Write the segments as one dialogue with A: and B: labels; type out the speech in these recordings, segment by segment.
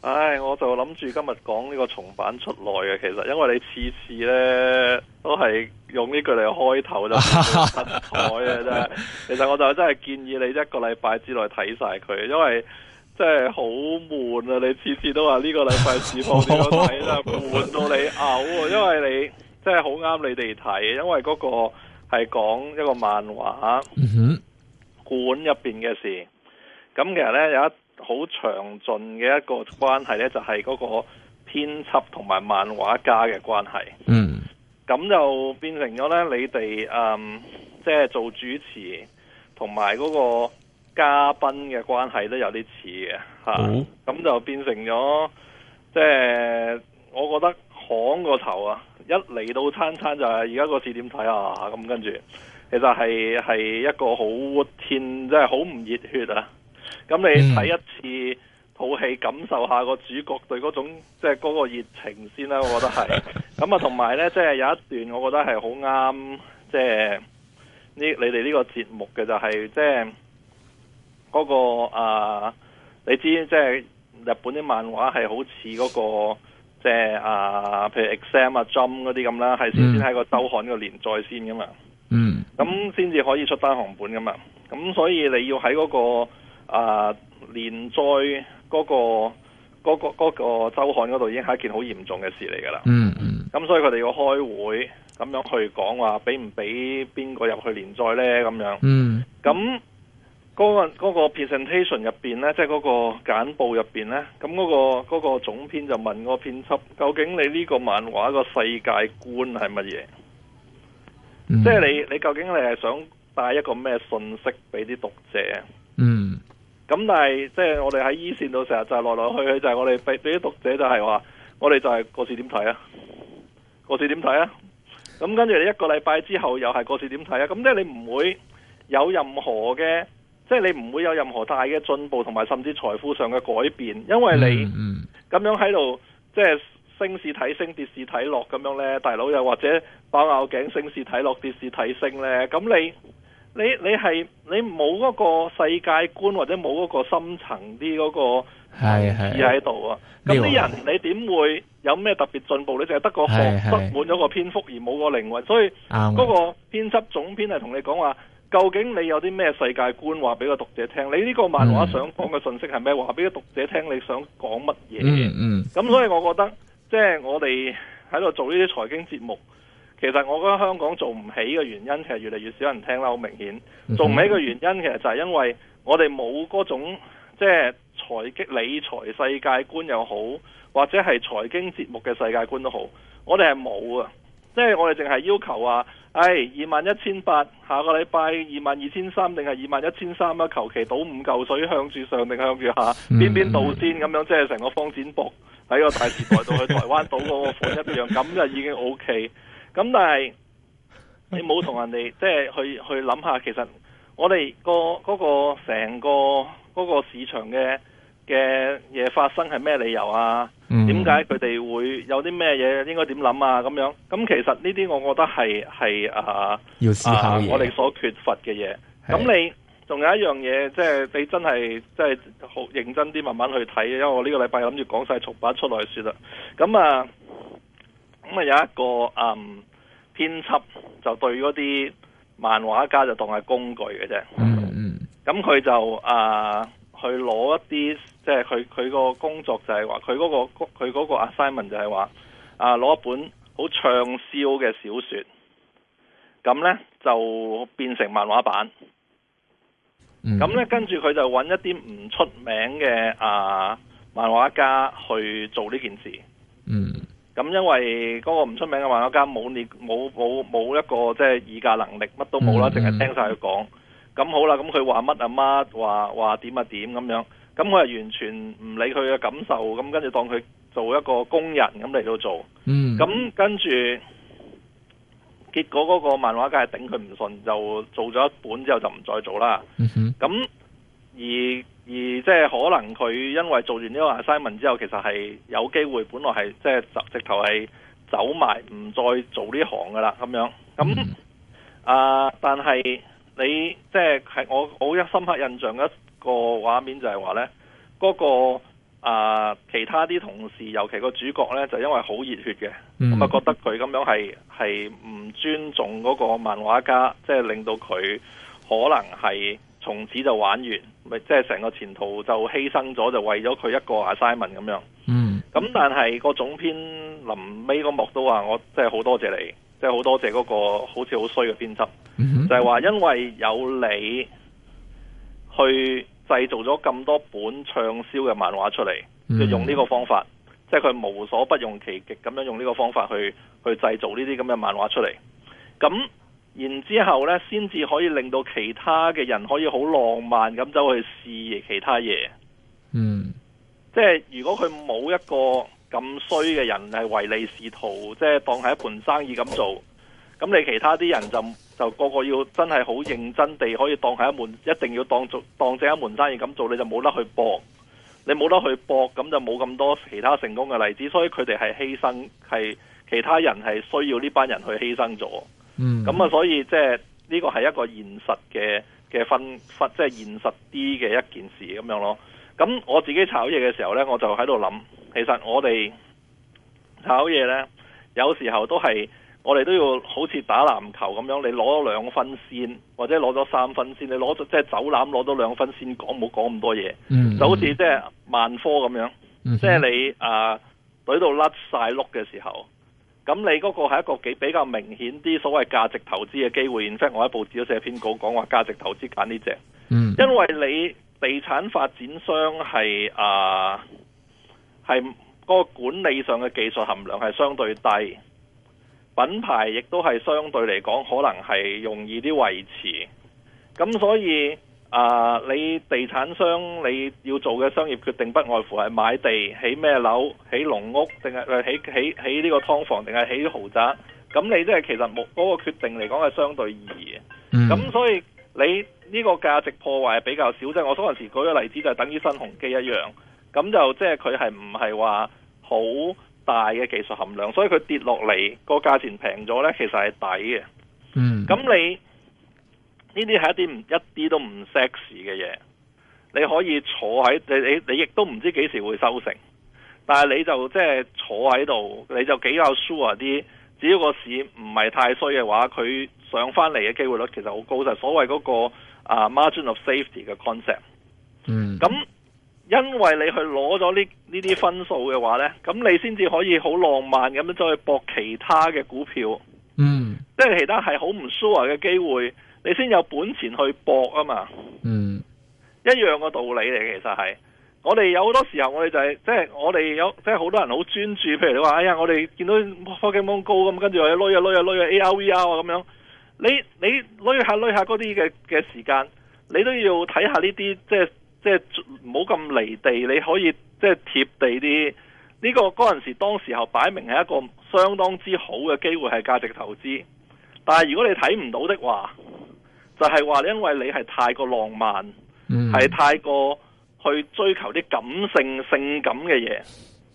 A: 唉，我就諗住今日講呢個重版出來嘅，其實因為你次次呢都係用呢句嚟開頭就係登台啊！真係，其實我就真係建議你一個禮拜之內睇晒佢，因為真係好悶啊！你次次都話呢個禮拜市冇點睇啦， 真悶到你嘔啊！因為你真係好啱你哋睇，因為嗰個係講一個漫畫，嗯哼館入邊嘅事。咁其實呢，有一。好詳盡嘅一個關係呢，就係、是、嗰個編輯同埋漫畫家嘅關係。嗯，咁就變成咗呢，你哋嗯即係、就是、做主持同埋嗰個嘉賓嘅關係都有啲似嘅嚇。咁、啊、就變成咗，即、就、係、是、我覺得扛個頭啊！一嚟到餐餐就係而家個字點睇啊？咁、啊、跟住，其實係係一個好天，即係好唔熱血啊！咁你睇一次套戲，嗯、感受下個主角對嗰種即係嗰個熱情先啦。我覺得係咁啊，同 埋呢，即、就、係、是、有一段我覺得係好啱，即係呢，你哋呢個節目嘅就係即係嗰個啊，你知即係、就是、日本啲漫畫係好似嗰個即係、就是、啊，譬如 exam 啊、jump 嗰啲咁啦，係、嗯、先先喺個周刊個連載先㗎嘛，嗯，咁先至可以出返單行本㗎嘛，咁所以你要喺嗰、那個。啊！連載嗰個嗰個嗰個週刊嗰度已經係一件好嚴重嘅事嚟㗎啦。嗯嗯。咁所以佢哋要開會，咁樣去講話，俾唔俾邊個入去連載咧？咁樣。嗯。Mm-hmm。咁嗰個嗰個 presentation 入面咧，即係嗰個簡報入面咧，咁嗰個嗰個總編就問嗰個編輯，究竟你呢個漫畫個世界觀係乜嘢？即係。Mm-hmm。你你究竟你係想帶一個咩信息俾啲讀者？咁但係即係我哋喺一線度成日就來、是、來去下去就係、是、我哋俾俾啲讀者就係話，我哋就係個市點睇啊？個市點睇啊？咁跟住你一個禮拜之後又係個市點睇啊？咁即係你唔會有任何嘅，即、就、係、是、你唔會有任何大嘅進步同埋甚至財富上嘅改變，因為
B: 你咁、嗯
A: 嗯、樣喺度，即、就、係、是、升市睇升，跌市睇落咁樣咧，大佬又或者爆拗頸升市睇落，跌市睇升咧，咁你。你你係你冇嗰個世界觀或者冇嗰個深層啲嗰個意喺度啊？
B: 咁啲人
A: 你點會有咩特別進步？你淨係得個學得滿咗個篇幅而冇個靈魂，所以嗰個編輯總編係同你講話，究竟你有啲咩世界觀話俾個讀者聽？你呢個漫畫想講嘅信息係咩？話、嗯、俾個讀者聽你想講乜嘢？咁、嗯嗯、所以我覺得即係、就是、我哋喺度做呢啲財經節目。其實我覺得香港做唔起嘅原因，其實越嚟越少人聽啦，好明顯。做唔起嘅原因，其實就係因為我哋冇嗰種即係財經理財世界觀又好，或者係財經節目嘅世界觀都好，我哋係冇啊。即係我哋淨係要求話，誒、哎、二萬一千八，下個禮拜二萬二千三，定係二萬一千三啊？求其賭五嚿水向住上定向住下，邊邊道先咁樣，即係成個方展博喺個大時代度去台灣賭嗰個款一 樣，咁就已經 O K。咁但係你冇同人哋 即係去去諗下，其實我哋個嗰個成個嗰個市場嘅嘅嘢發生係咩理由啊？
B: 點解
A: 佢哋會有啲咩嘢？應該點諗啊？咁樣咁，其實呢啲我覺得係係要
B: 思考，啊、我哋
A: 所缺乏嘅嘢。咁你仲有一樣嘢，即係你真係即係好認真啲，慢慢去睇。因為我呢個禮拜諗住講晒重把出來說啦。咁啊，咁啊有一個、嗯編輯就對嗰啲漫畫家就當係工具嘅啫。嗯、mm、嗯 -hmm.。咁、uh, 佢就啊去攞一啲，即係佢佢個工作就係話，佢嗰、嗰個佢嗰 assignment 就係話啊攞一本好暢銷嘅小説，咁咧就變成漫畫版。嗯、mm -hmm.。咁咧跟住佢就揾一啲唔出名嘅啊、uh, 漫畫家去做呢件事。嗯、mm -hmm.。咁因為嗰個唔出名嘅漫畫家冇你冇冇冇一個即係議價能力，乜都冇啦，淨係聽晒佢講。咁好啦，咁佢話乜啊乜，話話點啊點咁樣。咁佢係完全唔理佢嘅感受，咁跟住當佢做一個工人咁嚟到做。嗯。咁跟住，結果嗰個漫畫家係頂佢唔順，就做咗一本之後就唔再做啦。嗯哼。咁而。而即係可能佢因為做完呢個 assignment 之後，其實係有機會，本來係即係直頭係走埋，唔再做呢行噶啦咁樣。咁、嗯、啊、呃，但係你即係係我好一深刻印象一個畫面就係話咧，嗰、那個啊、呃、其他啲同事，尤其個主角咧，就是、因為好熱血嘅，咁、嗯、啊覺得佢咁樣係係唔尊重嗰個漫畫家，即、就、係、是、令到佢可能係。從此就玩完，咪即係成個前途就犧牲咗，就為咗佢一個 assignment 咁樣。Mm -hmm. 嗯。咁但係個總編臨尾嗰幕都話，我即係好多謝你，即係好多謝嗰個好似好衰嘅編輯，mm -hmm. 就係話因為有你去製造咗咁多本暢銷嘅漫畫出嚟，就、mm -hmm. 用呢個方法，即係佢無所不用其極咁樣用呢個方法去去製造呢啲咁嘅漫畫出嚟。咁、嗯然之後呢，先至可以令到其他嘅人可以好浪漫咁走去試其他嘢。嗯，即係如果佢冇一個咁衰嘅人係唯利是圖，即係當係一盤生意咁做，咁你其他啲人就就個個要真係好認真地可以當係一門一定要當做當正一門生意咁做，你就冇得去搏，你冇得去搏，咁就冇咁多其他成功嘅例子。所以佢哋係犧牲，係其他人係需要呢班人去犧牲咗。嗯，咁啊，所以即係呢個係一個現實嘅嘅分分，即係現實啲嘅一件事咁樣咯。咁我自己炒嘢嘅時候呢，我就喺度諗，其實我哋炒嘢呢，有時候都係我哋都要好似打籃球咁樣，你攞咗兩分先，或者攞咗三分先，你攞咗即係走籃攞咗兩分先講，唔好講咁多嘢，嗯嗯。就好似即係萬科咁樣，即係、嗯、你啊，攣到甩晒碌嘅時候。咁你嗰個係一個比較明顯啲所謂價值投資嘅機會，然之後我喺報紙都寫篇稿講話價值投資揀呢隻，因為你地產發展商係啊係嗰個管理上嘅技術含量係相對低，品牌亦都係相對嚟講可能係容易啲維持，咁所以。啊、uh，你地產商，你要做嘅商業決定，不外乎係買地、起咩樓、起農屋，定係起起起呢個劏房，定係起豪宅？咁你即係其實冇嗰個決定嚟講係相對易嘅。咁、mm. 所以你呢個價值破壞係比較少，即、就、係、是、我嗰陣時舉個例子就係等於新鴻基一樣。咁就即係佢係唔係話好大嘅技術含量？所以佢跌落嚟個價錢平咗呢，其實係抵嘅。嗯，咁你。呢啲係一啲唔一啲都唔 sexy 嘅嘢，你可以坐喺你你你亦都唔知幾時會收成，但係你就即係坐喺度，你就比較 sure 啲。只要個市唔係太衰嘅話，佢上翻嚟嘅機會率其實好高，就係所謂嗰個啊 margin of safety 嘅 concept。嗯，咁因為你去攞咗呢呢啲分數嘅話呢，咁你先至可以好浪漫咁樣再去搏其他嘅股票。嗯，即係其他係好唔 sure 嘅機會。你先有本錢去搏啊嘛，嗯，一樣個道理嚟，其實係我哋有好多時候我、就係，我哋就係即係我哋有即係好多人好專注，譬如你話哎呀，我哋見到科技咁高咁，跟住又攞又攞又攞 A R V R 啊咁樣，你你攞下攞下嗰啲嘅嘅時間，你都要睇下呢啲即係即係唔好咁離地，你可以即係貼地啲呢，這個嗰陣時當時候擺明係一個相當之好嘅機會，係價值投資，但係如果你睇唔到的話。就係話，因為你係太過浪漫，
B: 係、嗯、太
A: 過去追求啲感性、性感嘅嘢。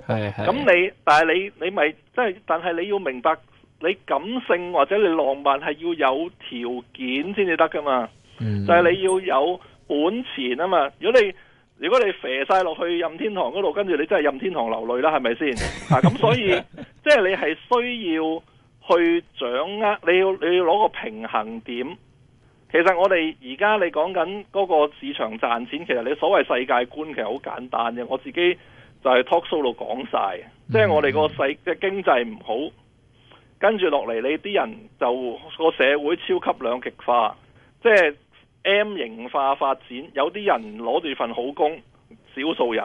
A: 係
B: 係。咁你，
A: 但係你你咪即係，但係你要明白，你感性或者你浪漫係要有條件先至得㗎嘛。嗯、就係、係、你要有本錢啊嘛。如果你如果你肥晒落去任天堂嗰度，跟住你真係任天堂流淚啦，係咪先？啊咁，所以即係、就係、你係需要去掌握，你要你要攞個平衡點。其實我哋而家你講緊嗰個市場賺錢，其實你所謂世界觀其實好簡單嘅。我自己就係 talk solo 講晒，即、嗯、係、即係、我哋個世即係經濟唔好，跟住落嚟你啲人就個社會超級兩極化，即、就、係、係、M 型化發展。有啲人攞住份好工，少數人，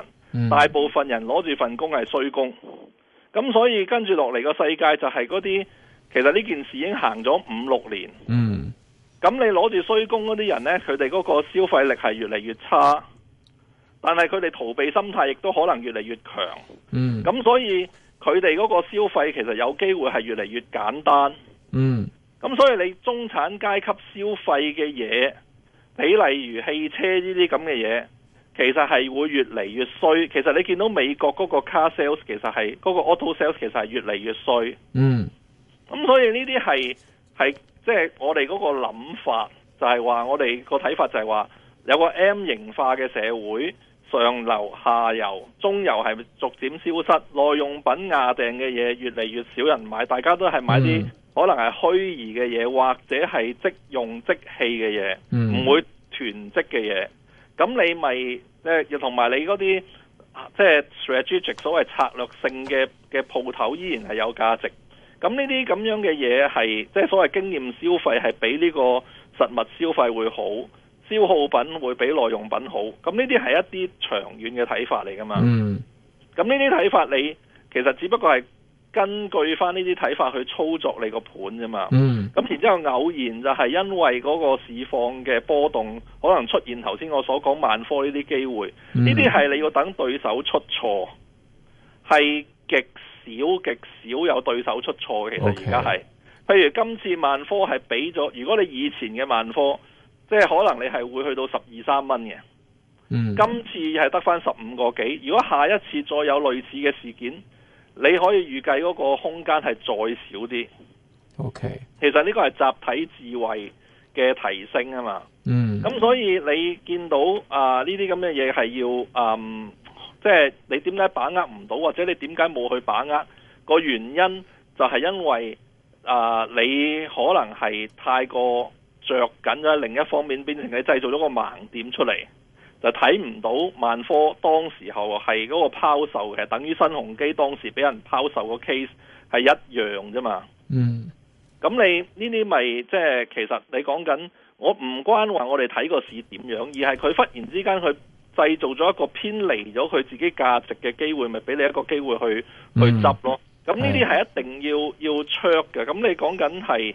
A: 大部分人攞住份工係衰工。咁所以跟住落嚟個世界就係嗰啲，其實呢件事已經行咗五六年。嗯咁你攞住衰工嗰啲人咧，佢哋嗰個消費力係越嚟越差，但係佢哋逃避心態亦都可能越嚟越強。嗯，咁所以佢哋嗰個消費其實有機會係越嚟越簡單。嗯，咁所以你中產階級消費嘅嘢，比例如汽車呢啲咁嘅嘢，其實係會越嚟越衰。其實你見到美國嗰個 car sales 其實係嗰個 auto sales 其實係越嚟越衰。嗯，咁所以呢啲係係。即係我哋嗰個諗法，就係話我哋個睇法就係話有個 M 型化嘅社會，上流、下游、中游係逐漸消失，耐用品壓定嘅嘢越嚟越少人買，大家都係買啲可能係虛擬嘅嘢，mm. 或者係、mm. 即用即棄嘅嘢，唔會囤積嘅嘢。咁你咪即係又同埋你嗰啲即係 strategic 所謂策略性嘅嘅鋪頭依然係有價值。咁呢啲咁樣嘅嘢係，即係所謂經驗消費係比呢個實物消費會好，消耗品會比耐用品好。咁呢啲係一啲長遠嘅睇法嚟㗎嘛。嗯。咁呢啲睇法你，你其實只不過係根據翻呢啲睇法去操作你個盤啫嘛。嗯。咁然之後偶然就係因為嗰個市況嘅波動，可能出現頭先我所講萬科呢啲機會，呢啲係你要等對手出錯，係極少極少有對手出錯嘅，其實而家係，okay. 譬如今次萬科係俾咗，如果你以前嘅萬科，即係可能你係會去到十二三蚊嘅，嗯、mm.，今次係得返十五個幾，如果下一次再有類似嘅事件，你可以預計嗰個空間係再少啲。O、
B: okay.
A: K，其實呢個係集體智慧嘅提升啊嘛，嗯，咁所以你見到啊呢啲咁嘅嘢係要嗯。呃即係你點解把握唔到，或者你點解冇去把握個原因，就係因為啊、呃、你可能係太過著緊咗另一方面，變成你製造咗個盲點出嚟，就睇唔到萬科當時候係嗰個拋售嘅，等於新鴻基當時俾人拋售個 case 係一樣啫嘛。嗯，咁你呢啲咪即係其實你講緊我唔關話我哋睇個市點樣，而係佢忽然之間去。製造咗一個偏離咗佢自己價值嘅機會，咪俾你一個機會去去執咯。咁呢啲係一定要的要 check 嘅。咁你講緊係，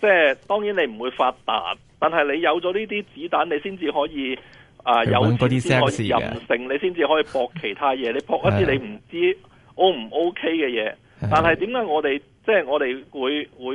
A: 即係當然你唔會發達，但係你有咗呢啲子彈，你先至可以啊、呃、有錢先可以任性，你先至可以博其他嘢。你博一啲你唔知 O 唔 OK 嘅嘢，但係點解我哋即係我哋會會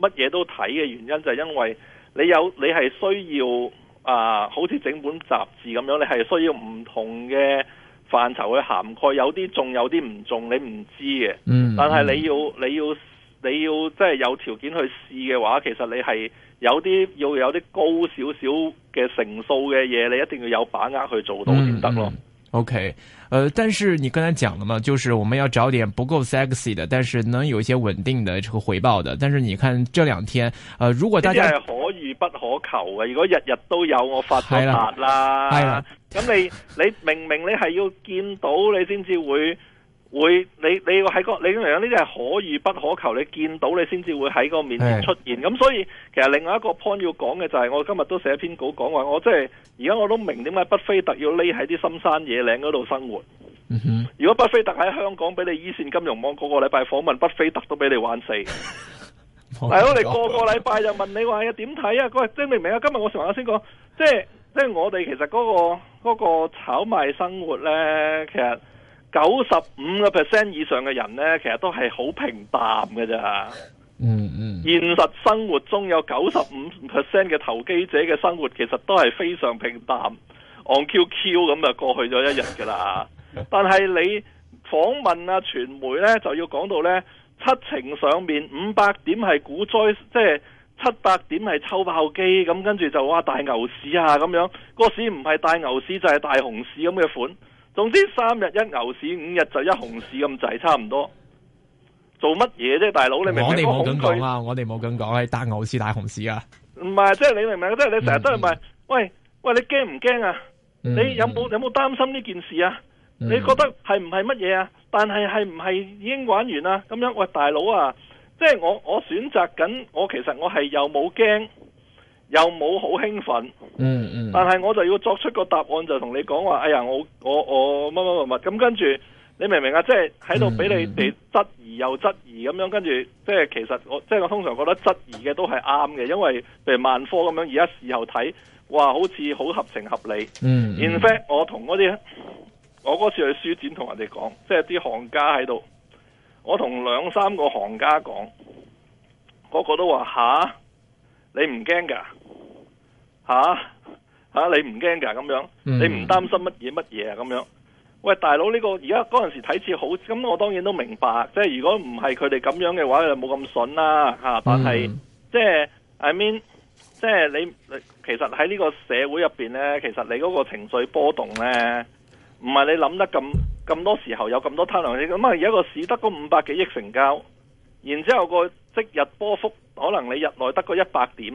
A: 乜嘢都睇嘅原因，就係、是、因為你有你係需要。啊，好似整本雜誌咁樣，你係需要唔同嘅範疇去涵蓋，有啲中，有啲唔中，你唔知嘅。嗯，但係你要，你要，你要即係有條件去試嘅話，其實你係有啲要有啲高少少嘅成數嘅嘢，你一定要有把握去做到先得咯。 O.K.，呃，但是你剛才講了嘛，就是我們要找點不夠 sexy 的，但是能有一些穩定的這個回報的。但是你看這兩天，呃，如果大家，呢啲係可遇不可求嘅，如果日日都有我發都啦。係啦，咁你你明明你係要見到你先至會。會你你喺個你嚟講呢啲係可遇不可求，你見到你先至會喺個面前出現。咁所以其實另外一個 point 要講嘅就係、是，我今日都寫篇稿講話，我即係而家我都明點解巴菲特要匿喺啲深山野嶺嗰度生活。嗯、如果巴菲特喺香港，俾你依線金融網、那個個禮拜訪問，巴菲特都俾你玩死。
C: 係咯，你個個禮
A: 拜就問你話呀點睇啊？喂，聽明唔明啊？今日我成日先講，即係即係我哋其實嗰、那個、那個炒賣生活呢，其實。九十五個 percent 以上嘅人呢，其實都係好平淡嘅咋。嗯嗯，現實生活中有九十五 percent 嘅投機者嘅生活，其實都係非常平淡。昂 QQ 咁就過去咗一日㗎喇。 但係你訪問啊，傳媒呢，就要講到呢：七情上面，五百點係股災，即係七百點係抽爆機，咁跟住就話大牛市啊咁樣。個市唔係大牛市就係、是、大熊市咁嘅款。總之三日一牛市，五日就一熊市咁滯，差唔多做乜嘢啫？大佬，你明唔明？我哋冇咁講啊，我哋冇咁講，係大牛市大熊市啊。唔係，即係你明唔明？即係你成日都係咪、嗯？喂喂，你驚唔驚啊、嗯？你有冇有冇擔心呢件事啊？嗯、你覺得係唔係乜嘢啊？但係係唔係已經玩完啊？咁樣喂，大佬啊，即係我我選擇緊，我其實我係又冇驚。又冇好興奮，嗯嗯，但係我就要作出個答案，就同、是、你講話，哎呀，我我我乜乜乜乜咁，跟住你明唔明啊？即係喺度俾你哋質疑又質疑咁樣，跟住即係其實我即係、就是、我通常覺得質疑嘅都係啱嘅，因為譬如萬科咁樣，而家事後睇，哇，好似好合情合理。嗯，嗯，in fact，我同嗰啲我嗰次去書展同人哋講，即係啲行家喺度，我同兩三個行家講，個個、那個都話吓。你唔驚噶吓吓，你唔驚噶咁樣，
B: 你唔擔
A: 心乜嘢乜嘢啊咁樣？喂，大佬呢、呢個而家嗰陣時睇似好咁，我當然都明白。即係如果唔係佢哋咁樣嘅話，就冇咁筍啦、啊啊、但係、嗯、即係 I mean，即係你其實喺呢個社會入邊咧，其實你嗰個情緒波動咧，唔係你諗得咁咁多時候有咁多貪婪。咁啊！而家個市得嗰五百幾億成交，然之後、個。即日波幅可能你日內得個一百點，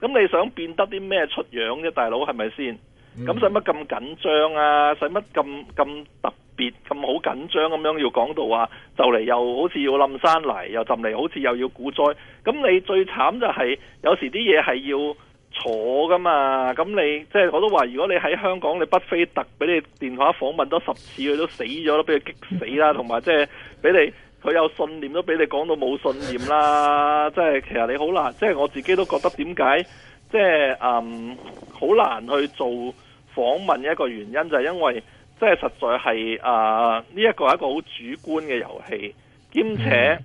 A: 咁你想變得啲咩出樣啫，大佬係咪先？咁使乜咁緊張啊？使乜咁咁特別咁好緊張咁樣要講到話，就嚟又好似要冧山泥，又浸，嚟好似又要股災。咁你最慘就係有時啲嘢係要坐噶嘛。咁你即係、即係、我都話，如果你喺香港，你不菲特俾你電話訪問多十次，佢都死咗都俾佢激死啦，同埋即係俾你。佢有信念都俾你講到冇信念啦，即係其實你好難，即係我自己都覺得點解，即係嗯好難去做訪問一個原因就係因為即係實在係啊呢一個係一個好主觀嘅遊戲，兼且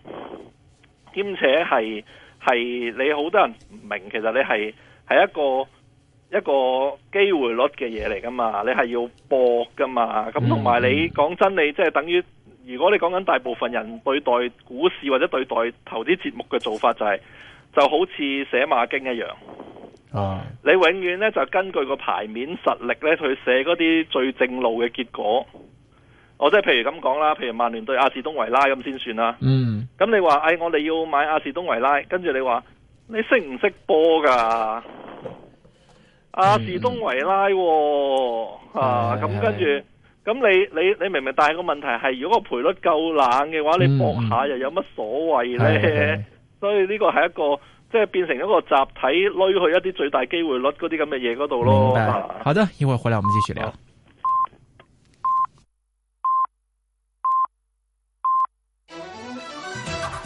A: 兼且係係你好多人唔明，其實你係係一個一個機會率嘅嘢嚟噶嘛，你係要博噶嘛，咁同埋你講真你即係等於。如果你講緊大部分人對待股市或者對待投資節目嘅做法，就係，就係就好似寫馬經一樣。啊！你永遠咧就根據個牌面實力咧去寫嗰啲最正路嘅結果。哦，即係譬如咁講啦，譬如曼聯對阿士東維拉咁先算啦。嗯。咁你話，哎，我哋要買阿士東維拉，跟住你話，你識唔識波㗎？阿士東維拉喎，哦嗯，啊，咁跟住。嗯咁你你你明唔明，但係個問題係，如果個賠率夠冷嘅話，你搏下又有乜所謂咧？嗯。所以呢個係一個即係、就是、變成一個集體，攞去一啲最大機會率嗰啲咁嘅嘢嗰度咯。好的，一會回來我們繼續聊。